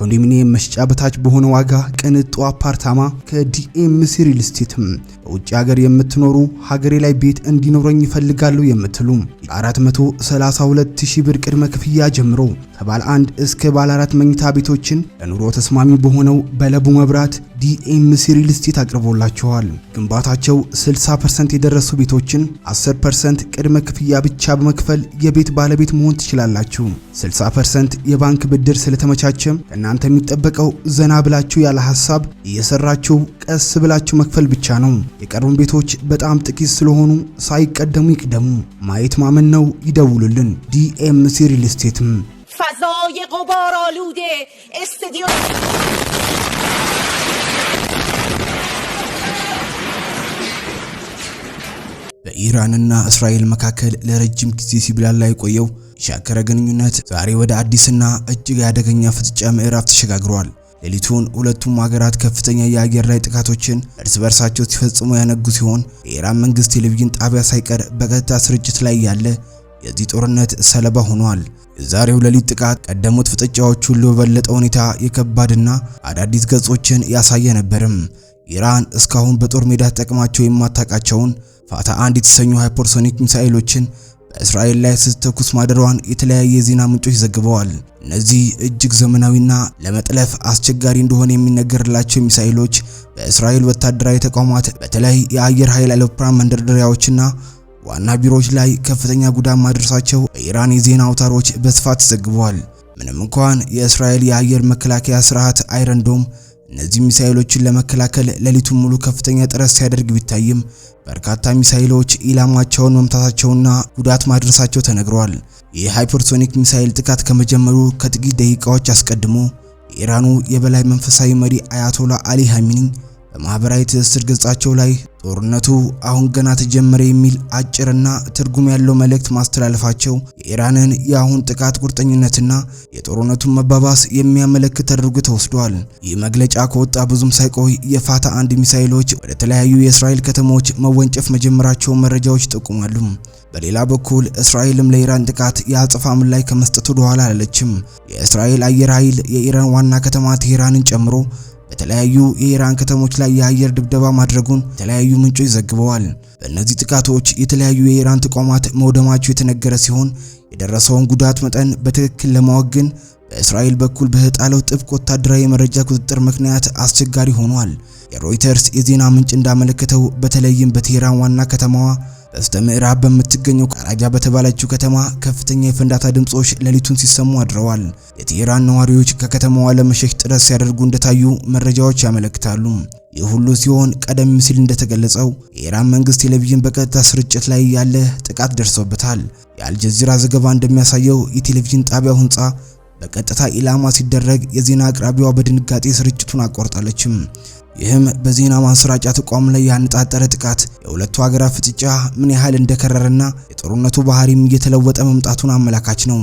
ኮንዶሚኒየም መሸጫ በታች በሆነ ዋጋ ቅንጡ አፓርታማ ከዲኤም ሲሪል ስቴት። በውጭ ሀገር የምትኖሩ ሀገሬ ላይ ቤት እንዲኖረኝ ይፈልጋሉ የምትሉ ከ432000 ብር ቅድመ ክፍያ ጀምሮ ከባለ አንድ እስከ ባለ አራት መኝታ ቤቶችን ለኑሮ ተስማሚ በሆነው በለቡ መብራት ዲኤምሲ ሪል ስቴት አቅርቦላቸዋል። ግንባታቸው 60% የደረሱ ቤቶችን 10% ቅድመ ክፍያ ብቻ በመክፈል የቤት ባለቤት መሆን ትችላላችሁ። 60% የባንክ ብድር ስለተመቻቸም ከእናንተ የሚጠበቀው ዘና ብላችሁ ያለ ሀሳብ እየሰራችሁ ቀስ ብላችሁ መክፈል ብቻ ነው። የቀሩን ቤቶች በጣም ጥቂት ስለሆኑ ሳይቀደሙ ይቅደሙ። ማየት ማመን ነው። ይደውሉልን። ዲኤምሲ ሪል ስቴትም فضای قبار آلوده استدیو በኢራንና እስራኤል መካከል ለረጅም ጊዜ ሲብላላ የቆየው የሻከረ ግንኙነት ዛሬ ወደ አዲስና እጅግ አደገኛ ፍጥጫ ምዕራፍ ተሸጋግሯል። ሌሊቱን ሁለቱም ሀገራት ከፍተኛ የአየር ላይ ጥቃቶችን እርስ በርሳቸው ሲፈጽሙ ያነጉ ሲሆን የኢራን መንግስት ቴሌቪዥን ጣቢያ ሳይቀር በቀጥታ ስርጭት ላይ ያለ የዚህ ጦርነት ሰለባ ሆኗል። የዛሬው ሌሊት ጥቃት ቀደሙት ፍጥጫዎች ሁሉ በበለጠ ሁኔታ የከባድና አዳዲስ ገጾችን ያሳየ ነበርም። ኢራን እስካሁን በጦር ሜዳ ተጠቅማቸው የማታውቃቸውን ፋታ አንድ የተሰኙ ሃይፐርሶኒክ ሚሳኤሎችን በእስራኤል ላይ ስትተኩስ ማደሯን የተለያየ የዜና ምንጮች ዘግበዋል። እነዚህ እጅግ ዘመናዊና ለመጥለፍ አስቸጋሪ እንደሆነ የሚነገርላቸው ሚሳኤሎች በእስራኤል ወታደራዊ ተቋማት በተለይ የአየር ኃይል አውሮፕላን መንደርደሪያዎችና ዋና ቢሮዎች ላይ ከፍተኛ ጉዳት ማድረሳቸው በኢራን የዜና አውታሮች በስፋት ተዘግበዋል። ምንም እንኳን የእስራኤል የአየር መከላከያ ስርዓት አይረንዶም እነዚህ ሚሳኤሎችን ለመከላከል ሌሊቱን ሙሉ ከፍተኛ ጥረት ሲያደርግ ቢታይም በርካታ ሚሳኤሎች ኢላማቸውን መምታታቸውና ጉዳት ማድረሳቸው ተነግሯል። የሃይፐርሶኒክ ሚሳኤል ጥቃት ከመጀመሩ ከጥቂት ደቂቃዎች አስቀድሞ የኢራኑ የበላይ መንፈሳዊ መሪ አያቶላ አሊ ሃሚኒ በማህበራዊ ትስስር ገጻቸው ላይ ጦርነቱ አሁን ገና ተጀመረ የሚል አጭርና ትርጉም ያለው መልእክት ማስተላለፋቸው የኢራንን የአሁን ጥቃት ቁርጠኝነትና የጦርነቱን መባባስ የሚያመለክት ተደርጎ ተወስዷል። ይህ መግለጫ ከወጣ ብዙም ሳይቆይ የፋታ አንድ ሚሳይሎች ወደ ተለያዩ የእስራኤል ከተሞች መወንጨፍ መጀመራቸው መረጃዎች ይጠቁማሉ። በሌላ በኩል እስራኤልም ለኢራን ጥቃት የአጸፋ ምላሽ ከመስጠት ወደኋላ አላለችም። የእስራኤል አየር ኃይል የኢራን ዋና ከተማ ቴህራንን ጨምሮ በተለያዩ የኢራን ከተሞች ላይ የአየር ድብደባ ማድረጉን የተለያዩ ምንጮች ዘግበዋል። በእነዚህ ጥቃቶች የተለያዩ የኢራን ተቋማት መውደማቸው የተነገረ ሲሆን የደረሰውን ጉዳት መጠን በትክክል ለማወቅ ግን በእስራኤል በኩል በተጣለው ጥብቅ ወታደራዊ የመረጃ ቁጥጥር ምክንያት አስቸጋሪ ሆኗል። የሮይተርስ የዜና ምንጭ እንዳመለከተው በተለይም በቴህራን ዋና ከተማዋ በስተ ምዕራብ በምትገኘው ቃራጃ በተባለችው ከተማ ከፍተኛ የፍንዳታ ድምጾች ሌሊቱን ሲሰሙ አድረዋል። የቴህራን ነዋሪዎች ከከተማዋ ለመሸሽ ጥረት ሲያደርጉ እንደታዩ መረጃዎች ያመለክታሉ። ይህ ሁሉ ሲሆን ቀደም ሲል እንደተገለጸው የኢራን መንግስት ቴሌቪዥን በቀጥታ ስርጭት ላይ ያለ ጥቃት ደርሶበታል። የአልጀዚራ ዘገባ እንደሚያሳየው የቴሌቪዥን ጣቢያው ህንፃ በቀጥታ ኢላማ ሲደረግ የዜና አቅራቢዋ በድንጋጤ ስርጭቱን አቋርጣለችም። ይህም በዜና ማሰራጫ ተቋም ላይ ያነጣጠረ ጥቃት የሁለቱ ሀገራት ፍጥጫ ምን ያህል እንደከረረና የጦርነቱ ባህሪም እየተለወጠ መምጣቱን አመላካች ነው።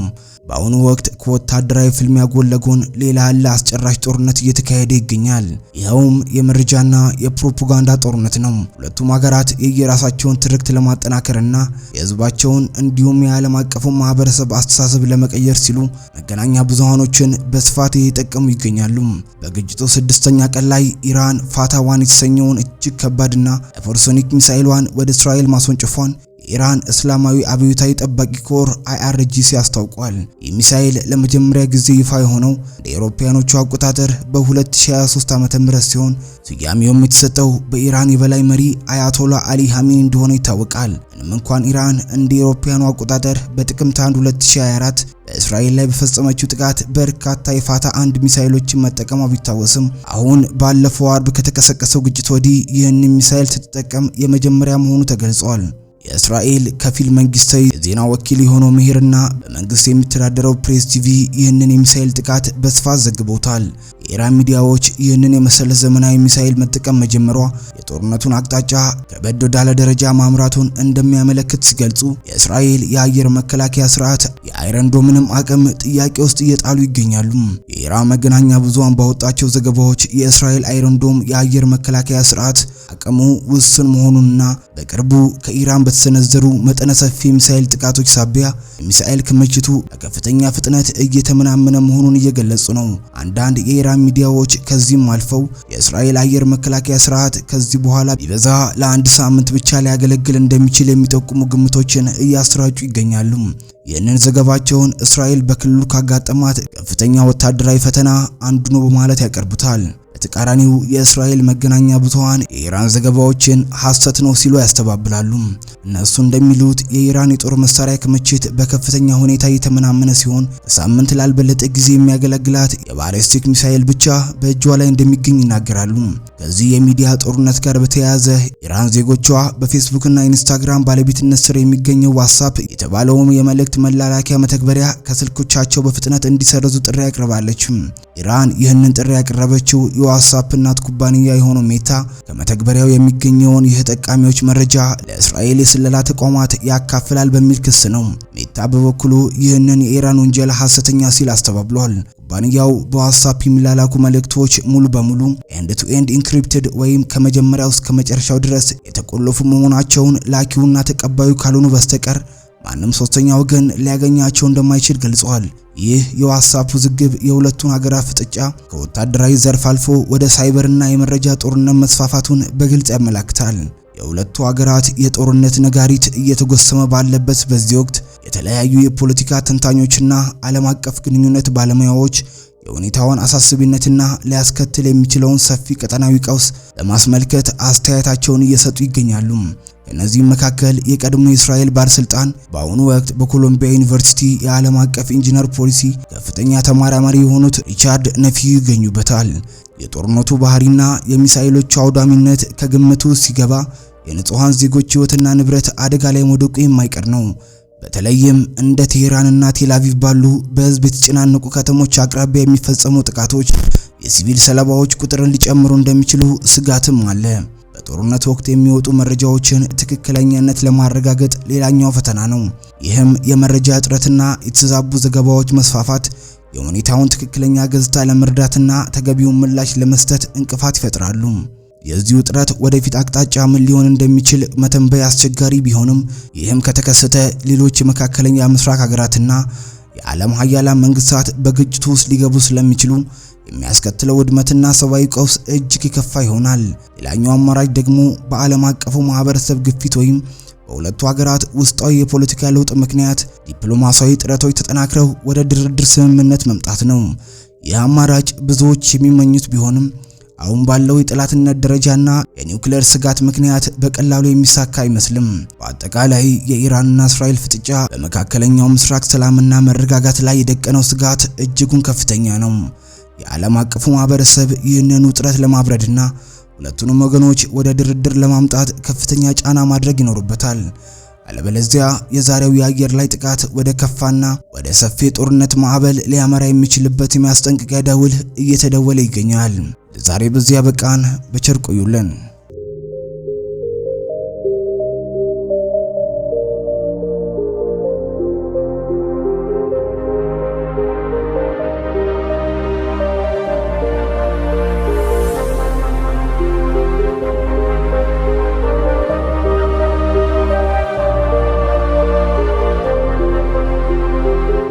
በአሁኑ ወቅት ከወታደራዊ ፍልሚያ ጎን ለጎን ሌላ ያለ አስጨራሽ ጦርነት እየተካሄደ ይገኛል። ይኸውም የመረጃና የፕሮፓጋንዳ ጦርነት ነው። ሁለቱም ሀገራት የየራሳቸውን ትርክት ለማጠናከርና የህዝባቸውን እንዲሁም የዓለም አቀፉን ማህበረሰብ አስተሳሰብ ለመቀየር ሲሉ መገናኛ ብዙሃኖችን በስፋት እየጠቀሙ ይገኛሉ። በግጭቱ ስድስተኛ ቀን ላይ ኢራን ፋታዋን የተሰኘውን እጅግ ከባድና ሃይፐርሶኒክ ሚሳይሏን ወደ እስራኤል ማስወንጨፏን የኢራን እስላማዊ አብዮታዊ ጠባቂ ኮር አይአርጂሲ አስታውቋል። ይህ ሚሳኤል ለመጀመሪያ ጊዜ ይፋ የሆነው እንደ አውሮፓውያኖቹ አቆጣጠር በ2023 ዓ.ም ሲሆን ስያሜውም የተሰጠው በኢራን የበላይ መሪ አያቶላ አሊ ሀሚኒ እንደሆነ ይታወቃል። ምንም እንኳን ኢራን እንደ አውሮፓውያኑ አቆጣጠር በጥቅምት 1 2024 በእስራኤል ላይ በፈጸመችው ጥቃት በርካታ የፋታ አንድ ሚሳኤሎችን መጠቀሟ ቢታወስም አሁን ባለፈው አርብ ከተቀሰቀሰው ግጭት ወዲህ ይህን ሚሳኤል ስትጠቀም የመጀመሪያ መሆኑ ተገልጿል። የእስራኤል ከፊል መንግስታዊ የዜና ወኪል የሆነው ምሄርና በመንግስት የሚተዳደረው ፕሬስ ቲቪ ይህንን የሚሳኤል ጥቃት በስፋት ዘግቦታል። የኢራን ሚዲያዎች ይህንን የመሰለ ዘመናዊ ሚሳኤል መጠቀም መጀመሯ የጦርነቱን አቅጣጫ ከበድ ወዳለ ደረጃ ማምራቱን እንደሚያመለክት ሲገልጹ የእስራኤል የአየር መከላከያ ስርዓት ዶምንም አቅም ጥያቄ ውስጥ እየጣሉ ይገኛሉ። የኢራን መገናኛ ብዙሃን ባወጣቸው ዘገባዎች የእስራኤል አይረንዶም የአየር መከላከያ ስርዓት አቅሙ ውስን መሆኑንና በቅርቡ ከኢራን በተሰነዘሩ መጠነ ሰፊ ሚሳኤል ጥቃቶች ሳቢያ የሚሳኤል ክምችቱ በከፍተኛ ፍጥነት እየተመናመነ መሆኑን እየገለጹ ነው። አንዳንድ የኢራን ሚዲያዎች ከዚህም አልፈው የእስራኤል አየር መከላከያ ስርዓት ከዚህ በኋላ ቢበዛ ለአንድ ሳምንት ብቻ ሊያገለግል እንደሚችል የሚጠቁሙ ግምቶችን እያሰራጩ ይገኛሉ። ይህንን ዘገባቸውን እስራኤል በክልሉ ካጋጠማት ከፍተኛ ወታደራዊ ፈተና አንዱ ነው በማለት ያቀርቡታል። በተቃራኒው የእስራኤል መገናኛ ብዙኃን የኢራን ዘገባዎችን ሐሰት ነው ሲሉ ያስተባብላሉ። እነሱ እንደሚሉት የኢራን የጦር መሳሪያ ክምችት በከፍተኛ ሁኔታ የተመናመነ ሲሆን በሳምንት ላልበለጠ ጊዜ የሚያገለግላት የባሊስቲክ ሚሳኤል ብቻ በእጇ ላይ እንደሚገኝ ይናገራሉ። ከዚህ የሚዲያ ጦርነት ጋር በተያያዘ ኢራን ዜጎቿ በፌስቡክና ኢንስታግራም ባለቤትነት ስር የሚገኘው ዋትሳፕ የተባለውን የመልእክት መላላኪያ መተግበሪያ ከስልኮቻቸው በፍጥነት እንዲሰረዙ ጥሪ ያቀርባለች። ኢራን ይህንን ጥሪ ያቀረበችው የዋትሳፕ እናት ኩባንያ የሆነው ሜታ ከመተግበሪያው የሚገኘውን የተጠቃሚዎች መረጃ ለእስራኤል የስለላ ተቋማት ያካፍላል በሚል ክስ ነው። ሜታ በበኩሉ ይህንን የኢራን ወንጀል ሐሰተኛ ሲል አስተባብሏል። ኩባንያው በዋትስአፕ የሚላላኩ መልእክቶች ሙሉ በሙሉ ኤንድ ቱ ኤንድ ኢንክሪፕትድ ወይም ከመጀመሪያው እስከ መጨረሻው ድረስ የተቆለፉ መሆናቸውን ላኪውና ተቀባዩ ካልሆኑ በስተቀር ማንም ሶስተኛ ወገን ሊያገኛቸው እንደማይችል ገልጸዋል። ይህ የዋትስአፕ ውዝግብ የሁለቱን ሀገራት ፍጥጫ ከወታደራዊ ዘርፍ አልፎ ወደ ሳይበርና የመረጃ ጦርነት መስፋፋቱን በግልጽ ያመላክታል። የሁለቱ ሀገራት የጦርነት ነጋሪት እየተጎሰመ ባለበት በዚህ ወቅት የተለያዩ የፖለቲካ ተንታኞችና ዓለም አቀፍ ግንኙነት ባለሙያዎች የሁኔታውን አሳስቢነትና ሊያስከትል የሚችለውን ሰፊ ቀጠናዊ ቀውስ ለማስመልከት አስተያየታቸውን እየሰጡ ይገኛሉ። ከእነዚህም መካከል የቀድሞ የእስራኤል ባለስልጣን በአሁኑ ወቅት በኮሎምቢያ ዩኒቨርሲቲ የዓለም አቀፍ ኢንጂነር ፖሊሲ ከፍተኛ ተመራማሪ የሆኑት ሪቻርድ ነፊዩ ይገኙበታል። የጦርነቱ ባህሪና የሚሳኤሎቹ አውዳሚነት ከግምት ውስጥ ሲገባ የንጹሐን ዜጎች ሕይወትና ንብረት አደጋ ላይ መውደቁ የማይቀር ነው። በተለይም እንደ ቴሄራንና ቴላቪቭ ባሉ በህዝብ የተጨናነቁ ከተሞች አቅራቢያ የሚፈጸሙ ጥቃቶች የሲቪል ሰለባዎች ቁጥርን ሊጨምሩ እንደሚችሉ ስጋትም አለ። በጦርነት ወቅት የሚወጡ መረጃዎችን ትክክለኛነት ለማረጋገጥ ሌላኛው ፈተና ነው። ይህም የመረጃ እጥረትና የተዛቡ ዘገባዎች መስፋፋት የሁኔታውን ትክክለኛ ገጽታ ለመርዳትና ተገቢውን ምላሽ ለመስጠት እንቅፋት ይፈጥራሉ። የዚህ ውጥረት ወደፊት አቅጣጫ ምን ሊሆን እንደሚችል መተንበይ አስቸጋሪ ቢሆንም ይህም ከተከሰተ ሌሎች የመካከለኛ ምስራቅ ሀገራትና የዓለም ሀያላን መንግስታት በግጭቱ ውስጥ ሊገቡ ስለሚችሉ የሚያስከትለው ውድመትና ሰብአዊ ቀውስ እጅግ የከፋ ይሆናል። ሌላኛው አማራጭ ደግሞ በዓለም አቀፉ ማህበረሰብ ግፊት ወይም በሁለቱ ሀገራት ውስጣዊ የፖለቲካ ለውጥ ምክንያት ዲፕሎማሲያዊ ጥረቶች ተጠናክረው ወደ ድርድር ስምምነት መምጣት ነው። ይህ አማራጭ ብዙዎች የሚመኙት ቢሆንም አሁን ባለው የጠላትነት ደረጃና የኒውክሌር ስጋት ምክንያት በቀላሉ የሚሳካ አይመስልም። በአጠቃላይ የኢራንና እስራኤል ፍጥጫ በመካከለኛው ምስራቅ ሰላምና መረጋጋት ላይ የደቀነው ስጋት እጅጉን ከፍተኛ ነው። የዓለም አቀፉ ማህበረሰብ ይህንን ውጥረት ለማብረድና ሁለቱንም ወገኖች ወደ ድርድር ለማምጣት ከፍተኛ ጫና ማድረግ ይኖርበታል። አለበለዚያ የዛሬው የአየር ላይ ጥቃት ወደ ከፋና ወደ ሰፊ ጦርነት ማዕበል ሊያመራ የሚችልበት የሚያስጠንቅቂያ ደውል እየተደወለ ይገኛል። ለዛሬ በዚህ ያበቃን። በቸር ቆዩልን።